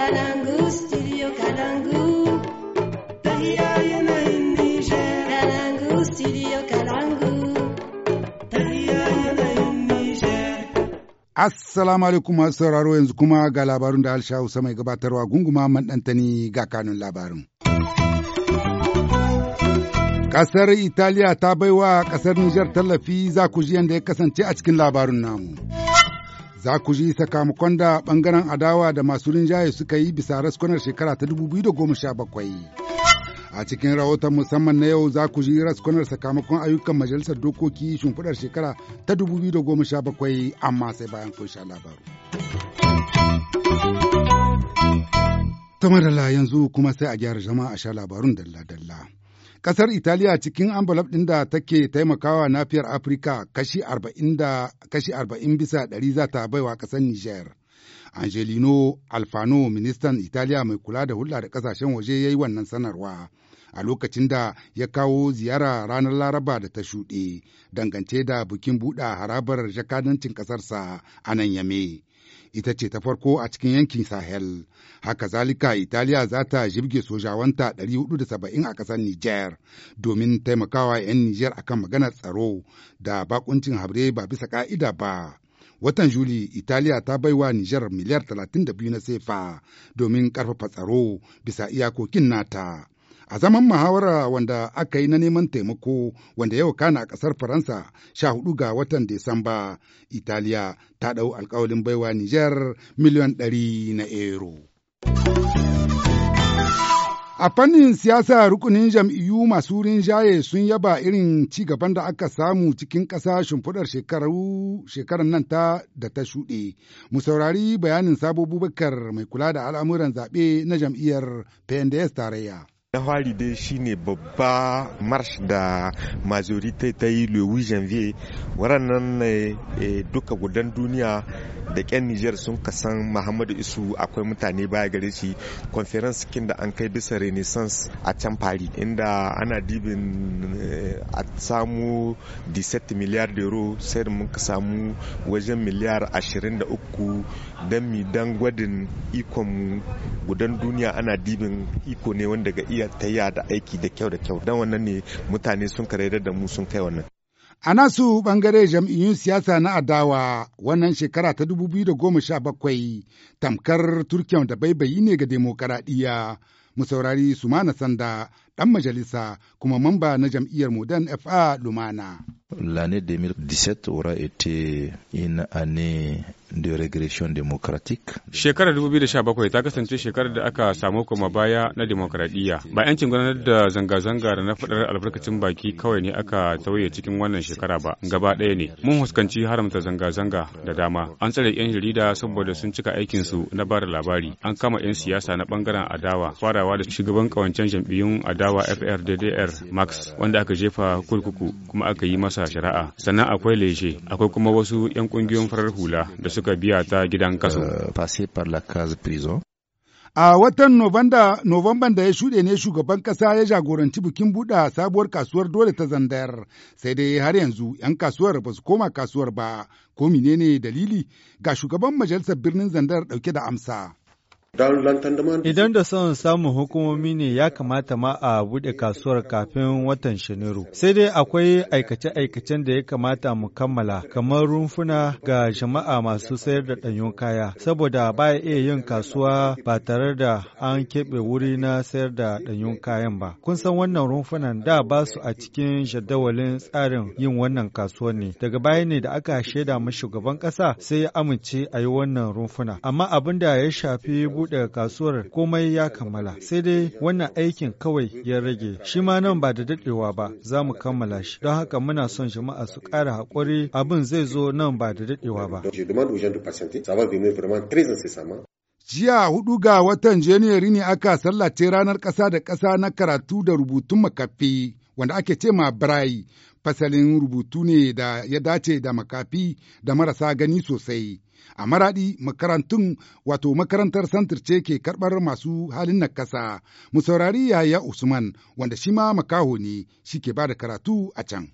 Kalangu, Assalamu alaikum masu sauraro yanzu kuma ga labarun da Alshahu Hausa mai gabatarwa gunguma maɗantani ga kanun labarin. Ƙasar Italiya ta baiwa ƙasar Nijar tallafi za ku ji yadda ya kasance a cikin labarin namu. Za ku ji sakamakon da ɓangaren adawa da masu rinjaye suka yi bisa raskunar shekara ta 2017. A cikin rahoton musamman na yau za ku ji raskunar sakamakon ayyukan majalisar dokoki shimfiɗar shekara ta 2017 amma sai bayan kun sha labaru. Tamarala yanzu kuma sai a gyara jama'a a sha labarun dalla-dalla. Ƙasar Italiya cikin envelope ɗin da take taimakawa nafiyar Afirka kashi arba'in bisa ɗari za ta baiwa ƙasar Nijar. Angelino Alfano, ministan Italiya mai kula da hulɗa da ƙasashen waje ya yi wannan sanarwa. a lokacin da ya kawo ziyara ranar laraba da ta shuɗe dangance da bikin buɗa harabar jakadancin ƙasarsa a nan yame ita ce ta farko a cikin yankin Sahel. Haka zalika Italiya za ta jirge sojawanta 470 a ƙasar Niger domin taimakawa 'yan Nijar akan maganar tsaro da bakuncin habre ba bisa ka'ida ba. Watan Juli, Italiya ta baiwa Nijar miliyar 32 na sefa domin ƙarfafa tsaro bisa iyakokin nata. A zaman muhawara wanda aka yi na neman taimako wanda yau kana a ƙasar Faransa sha hudu ga watan Desamba, Italiya ta ɗau alkawalin baiwa Nijar miliyan ɗari na ero. A fannin siyasa rukunin jam'iyyu masu rinjaye sun yaba irin ci gaban da aka samu cikin ƙasa shimfiɗar shekarar nan ta da ta shuɗe. Mu saurari bayanin sabo Bubakar mai kula da al'amuran zaɓe na jam'iyyar PNDS tarayya. na fari dai shine babba marsh da majorite ta yi 8 janvier waɗannan ne e, duka gudan duniya da ƙyan Nijar sun kasan muhammadu isu akwai mutane baya gare shi conference kin da an kai bisa renaissance a can fari inda ana dibin e, a samu 17 miliyar euro sai mun muka samu wajen miliyar 23 don mi dan gwadin ikonmu gudan duniya ana dibin iko ne wanda ga iya ta tayya da aiki da kyau da kyau don wannan ne mutane sun karaidar da mu sun kai wannan A nasu bangare jam'iyyun siyasa na adawa wannan shekara ta 2017 tamkar Turkiyya da baibayi ne ga demokaradiyya mu saurari Sumana Sanda ɗan majalisa kuma mamba na jam'iyyar Modern FA Lumana. L'année 2017 aura été une année de régression démocratique. Shekarar 2017 ta kasance shekarar da aka samu kuma baya na demokradiyya. Ba yancin gudanar da zanga-zanga da na faɗar albarkacin baki kawai ne aka tauye cikin wannan shekara ba, gaba ɗaya ne. Mun huskanci haramta zanga-zanga da dama. An tsare 'yan jarida saboda sun cika aikin su na bada labari. An kama 'yan siyasa na bangaren adawa, farawa da shugaban kawancen jam'iyyun adawa wa FRDDR Max wanda aka jefa kurkuku kuma aka yi masa shari'a. Sannan akwai leje, akwai kuma wasu 'yan kungiyoyin farar hula da suka biya ta gidan kaso. Euh, A watan Novemba da ya shuɗe ne shugaban ƙasa ya jagoranci bikin buɗe sabuwar kasuwar dole ta zandar, sai dai har yanzu 'yan kasuwar ba su koma kasuwar ba, ko menene dalili ga shugaban majalisar birnin zandar ɗauke da amsa. Idan da son samun hukumomi ne ya kamata ma a buɗe kasuwar kafin watan Janairu. Sai dai akwai aikace-aikacen da ya kamata mu kammala, kamar rumfuna ga jama'a masu sayar da ɗanyun kaya, saboda ba ya iya yin kasuwa ba tare da an keɓe wuri na sayar da ɗanyun kayan ba. Kun san wannan rumfunan da ba su a cikin jadawalin tsarin yin wannan kasuwar ne. Daga baya ne da aka shaida mu shugaban ƙasa sai ya amince a yi wannan rumfuna. Amma abin da ya shafi buɗe daga kasuwar komai ya kammala. Sai dai wannan aikin kawai ya rage. Shi ma nan ba da daɗewa ba za mu kammala shi. Don haka muna son jama'a su ƙara haƙuri abin zai zo nan ba da daɗewa ba. Jiya hudu ga watan Janairu ne aka sallace ranar ƙasa da ƙasa na karatu da rubutun makafi. wanda ake ce ma Braille fasalin rubutu ne da ya dace da makafi da marasa gani sosai. A maraɗi makarantun wato makarantar santir ce ke karɓar masu halin nakasa, mu saurari yaya Usman wanda shi ma makaho ne shi ke ba da karatu a can.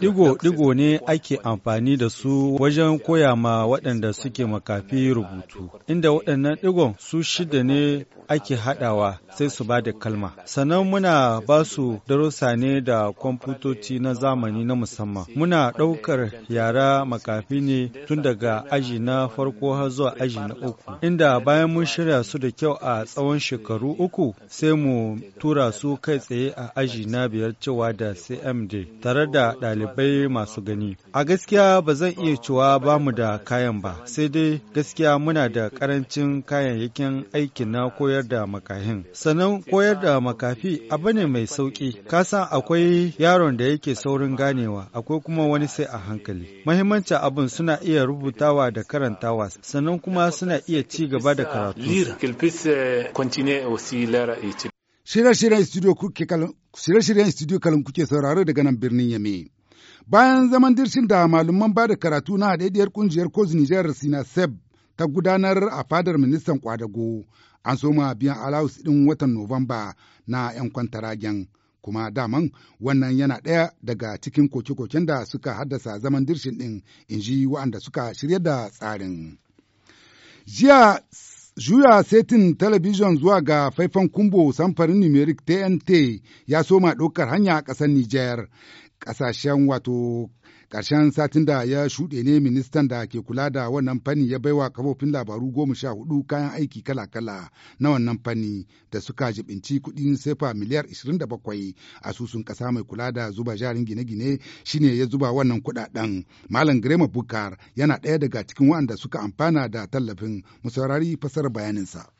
Digo-digo ne ake amfani da su wajen koya ma waɗanda suke makafi rubutu, inda waɗannan digon su shida ne ake haɗawa sai su ba da kalma. Sannan muna ba su darussa ne da kwamfutoci na zamani na musamman. Muna ɗaukar yara makafi ne tun daga aji na farko har zuwa aji na uku, inda bayan mun shirya su da kyau a tsawon shekaru uku sai mu tura su kai tsaye a aji na biyar cewa da CMD tare da ɗalibai masu gani. A gaskiya ba zan iya cewa ba mu da kayan ba, sai dai gaskiya muna da ƙarancin kayayyakin aiki na koyar da makahin. Sannan koyar da makafi abu ne mai sauƙi, kasan akwai yaron da yake saurin ganewa, akwai kuma wani sai a hankali. Mahimmancin abin suna iya rubutawa da karantawa, sannan kuma suna iya ci gaba da karatu. shirye-shiryen studio kuke kuke sauraro daga nan birnin Yame. Bayan zaman dirshin da malaman ba da karatu na haɗaɗiyar ƙungiyar Kozu Nijar Sina Seb ta gudanar a fadar ministan kwadago an soma biyan alawus ɗin watan Nuwamba na 'yan kwantaragen. Kuma daman wannan yana ɗaya daga cikin koke-koken da suka haddasa zaman dirshin ɗin in ji waɗanda suka shirya da tsarin. Jiya Juya setin talabijin zuwa ga faifan kumbo samfarin numeric TNT ya soma ɗaukar hanya a ƙasar Nijar. Ƙasashen wato Karshen satin da ya shuɗe ne ministan da ke kula da wannan fanni ya baiwa kafofin labaru goma sha hudu kayan aiki kala-kala na wannan fanni da suka jibinci kuɗin sefa miliyar 27 asusun ƙasa mai kula da zuba jarin gine-gine shine ya zuba wannan kuɗaɗen. Malam Grema Bukar yana ɗaya daga cikin waɗanda suka amfana da tallafin musaurari fasar bayaninsa.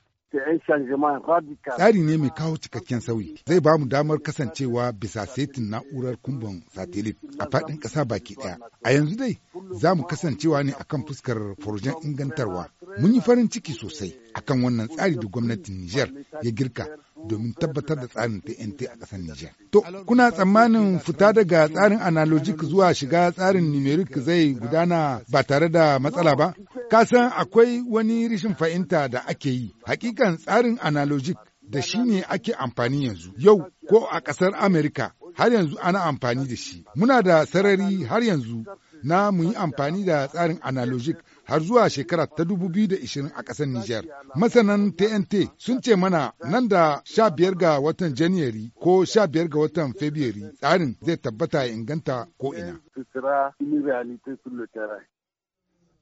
Tsari ne mai kawo cikakken sauyi zai ba mu damar kasancewa bisa setin na'urar kumbon satelit a faɗin ƙasa baki ɗaya. A yanzu dai za mu kasancewa ne akan fuskar farjen ingantarwa. Mun yi farin ciki sosai akan wannan tsari da gwamnatin Nijar ya girka domin tabbatar da tsarin TNT a ƙasar Nijar. To, kuna tsammanin fita daga tsarin analogic zuwa shiga tsarin numeric zai gudana ba tare da matsala ba? Kasan akwai wani rishin fahimta da ake yi, hakikan tsarin analogic da shi ne ake amfani yanzu, yau ko a ƙasar Amerika har yanzu ana amfani da shi. Muna da sarari har yanzu na mu yi amfani da tsarin analogic har zuwa shekara ta 2020 a ƙasar Nijar. Masanan TNT sun ce mana nan da 15 ga watan Janairu ko 15 ga watan Fabrairu tsarin zai tabbata ya inganta ko ina.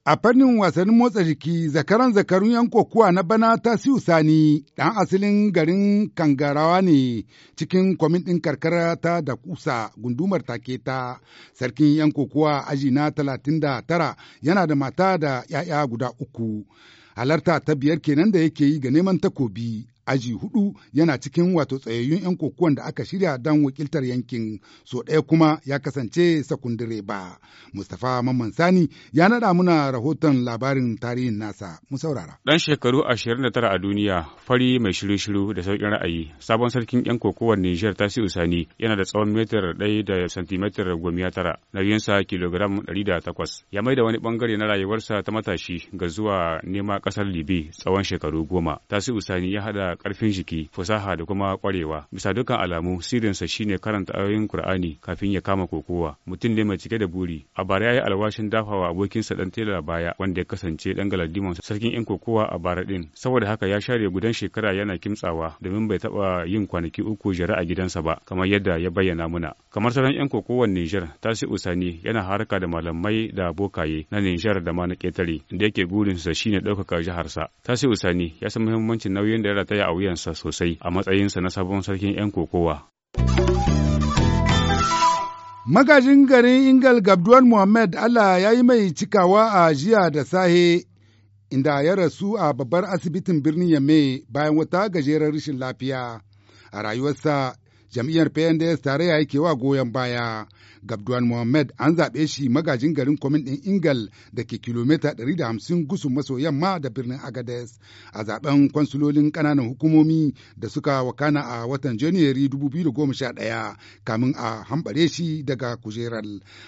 A fannin wasannin motsa jiki, zakaran zakarun yan kokuwa na bana ta siyu sani ɗan asalin garin Kangarawa ne cikin kwamitin ɗin karkara ta da kusa gundumar take ta sarkin yan kokuwa aji na talatin da tara yana da mata da ‘ya'ya guda uku. Halarta ta biyar kenan da yake yi ga neman takobi aji hudu yana cikin wato tsayayyun 'yan kokuwan da aka shirya don wakiltar yankin so ɗaya kuma ya kasance sakundire ba. Mustapha Mamman Sani ya naɗa muna rahoton labarin tarihin nasa. Mu saurara. Ɗan shekaru tara a duniya fari mai shiru-shiru da sauƙin ra'ayi sabon sarkin 'yan kokowar Nijar Tasi Usani yana da tsawon metar ɗaya da santimetar gomiya tara nauyinsa kilogram ɗari da takwas ya maida wani bangare na rayuwarsa ta matashi ga zuwa nema ƙasar Libi tsawon shekaru goma. Tasi usani ya hada. karfin jiki fasaha da kuma kwarewa. bisa dukkan alamu sirrinsa shine karanta ayoyin Kur'ani kafin ya kama kokowa mutum ne mai cike da buri a bara yi alwashin dafawa abokinsa dan tela baya wanda ya kasance dan galadimon sarkin yan kokowa a bara din saboda haka ya share gudan shekara yana kimtsawa domin bai taba yin kwanaki uku jira a gidansa ba kamar yadda ya bayyana muna kamar sauran yan kokowar Niger Tasi Usani yana haraka da malamai da abokaye na Niger da ma na ketare da yake sa shine ɗaukaka jiharsa Tasi Usani ya san muhimmancin nauyin da ya rataya a wuyansa sosai a matsayinsa na sabon sarkin 'yan kokowa. Magajin garin Ingal Gabduwan Muhammad Allah ya yi mai cikawa a jiya da sahe inda ya rasu a babbar asibitin birnin Yame bayan wata gajerar rashin lafiya. A rayuwarsa jam'iyyar PNDS tarayya yake wa goyon baya. Gabduwan Mohammed an zaɓe shi magajin garin kwamin ɗin Ingal da ke kilomita 150 gusun maso yamma da birnin Agades a zaben kwansulolin ƙananan hukumomi da suka wakana a watan Janairu 2011 kamin a hambare shi daga kujerar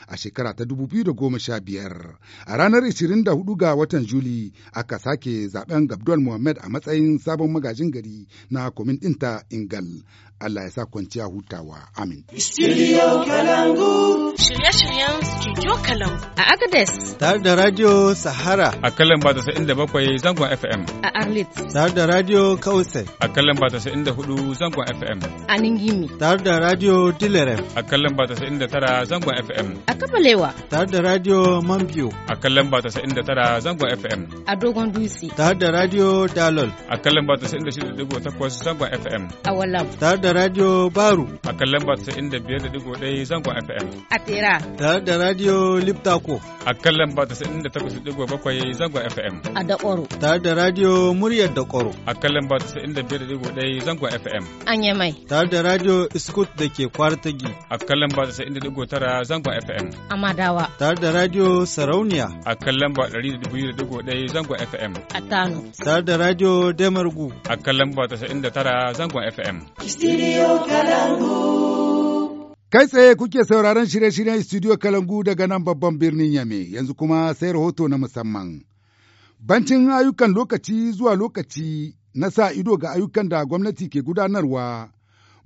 a shekara ta 2015. A ranar 24 ga watan Juli aka sake zaben Gabduwan Mohammed a matsayin sabon magajin gari na kwamin ɗinta Ingal. Allah ya sa kwanci lafiya hutawa amin. Studio Kalangu. Shirye-shiryen Studio Kalangu. A Agadez. Tare da Radio Sahara. A kalan ba da bakwai zangon FM. A Arlit. Tare da Radio Kausai. A kalan ba da hudu zangon FM. A Ningimi. Tare da Radio Dilerem. A kalan ba da tara zangon FM. A Kabalewa. Tare da Radio Mambio. A kalan ba da tara zangon FM. A Dogon Dutse. Tare da Radio Dalol. A kalan ba da shida takwas zangon FM. A Walam. Tare da Radio Baru. A kan lamba 95.1 zangon FM. A Tera. Tare da Radio Liptako. A kan lamba 98.7 zangon FM. A Dakoro. Tare da Radio Muryar Dakoro. A kan lamba 95.1 zangon FM. A Nyamai. Tare da Radio Iskut da ke Kwartagi. A kan lamba 99.9 zangon FM. amadawa. Madawa. Tare da Radio Sarauniya. A kan lamba 102.1 zangon FM. A Tano. Tare da Radio Demargu. A kan lamba 99.9 zangon FM. Studio Ghana. Kai tsaye kuke sauraron shirye-shiryen Studio Kalangu daga nan babban birnin Yame, yanzu kuma sai rahoto na musamman. Bancin ayyukan lokaci zuwa lokaci na sa ido ga ayyukan da gwamnati ke gudanarwa,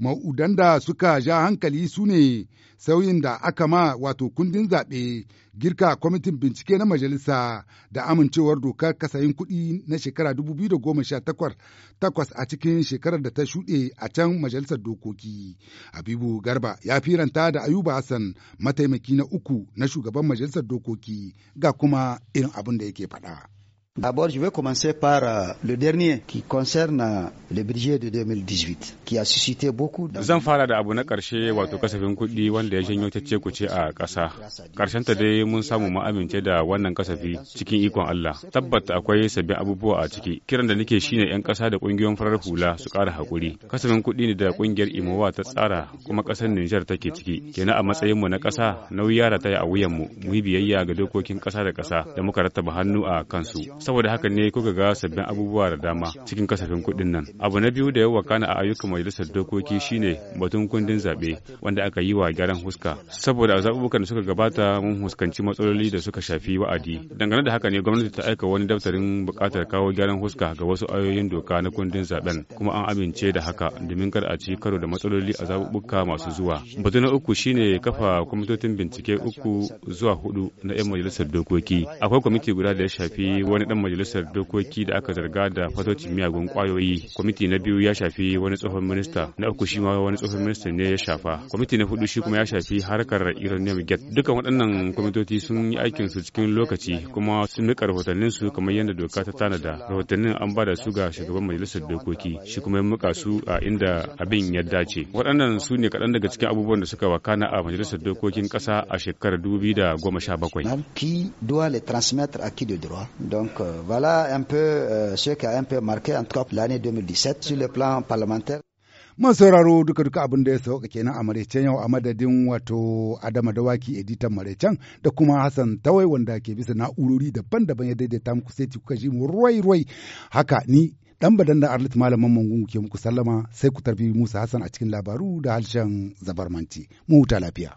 ma'udan da suka ja hankali su ne sauyin da aka ma wato kundin zaɓe girka kwamitin bincike na majalisa da amincewar dokar kasayin kuɗi na shekara 2018 a cikin shekarar da ta shuɗe a can majalisar dokoki. Habibu Garba ya firanta da Ayuba Hassan mataimaki na uku na shugaban majalisar dokoki ga kuma irin abin da yake faɗa. D'abord, je vais commencer par euh, le dernier qui concerne euh, le budget de 2018 qui a suscité beaucoup Zan fara da abu na karshe wato kasafin kuɗi wanda ya janyo ku ce a ƙasa. Karshen ta dai mun samu mu amince da wannan kasafi cikin ikon Allah. Tabbata akwai sabbin abubuwa a ciki. Kiran da nake shine 'yan ƙasa da ƙungiyoyin farar hula su ƙara hakuri. Kasafin kuɗi ne da ƙungiyar Imowa ta tsara kuma ƙasar Nijar take ciki. Kenan a matsayin mu na ƙasa nauyi ya rataya a wuyan mu mu biyayya ga dokokin ƙasa da ƙasa da muka rattaba hannu a kansu. saboda haka ne kuka ga sabbin abubuwa da dama cikin kasafin kuɗin nan abu na biyu da ya wakana a ayyukan majalisar dokoki shine batun kundin zaɓe wanda aka yi wa gyaran huska saboda a zaɓuɓɓukan da suka gabata mun huskanci matsaloli da suka shafi wa'adi dangane da haka ne gwamnati ta aika wani daftarin buƙatar kawo gyaran huska ga wasu ayoyin doka na kundin zaɓen kuma an amince da haka domin kada a ci karo da matsaloli a zaɓuɓɓuka masu zuwa batu na uku shine kafa kwamitocin bincike uku zuwa hudu na 'yan majalisar dokoki akwai kwamiti guda da ya shafi wani dan majalisar dokoki da aka zarga da fatoci miyagun kwayoyi kwamiti na biyu ya shafi wani tsohon minista na uku shi ma wani tsohon minista ne ya shafa kwamiti na hudu shi kuma ya shafi harkar iranium gate dukkan waɗannan kwamitoci sun yi aikin su cikin lokaci kuma sun nika rahotannin su kamar yadda doka ta tanada rahotannin an ba da su ga shugaban majalisar dokoki shi kuma ya muka su a inda abin ya dace waɗannan su ne kaɗan daga cikin abubuwan da suka wakana a majalisar dokokin ƙasa a shekarar 2017 qui doit les transmettre à qui de droit donc voilà un peu euh, ce qui a un peu marqué en tout cas l'année 2017 sur le plan parlementaire. Man sauraro duka duka abin da ya sauka kenan a maraicen yau a madadin wato Adama Dawaki editan maraicen da kuma Hassan Tawai wanda ke bisa na'urori daban-daban ya daidaita muku sai kuka ji mu ruwai-ruwai haka ni dan badan da Arlit malaman ke muku sallama sai ku tarbi Musa Hassan a cikin labaru da harshen zabarmanci mu huta lafiya.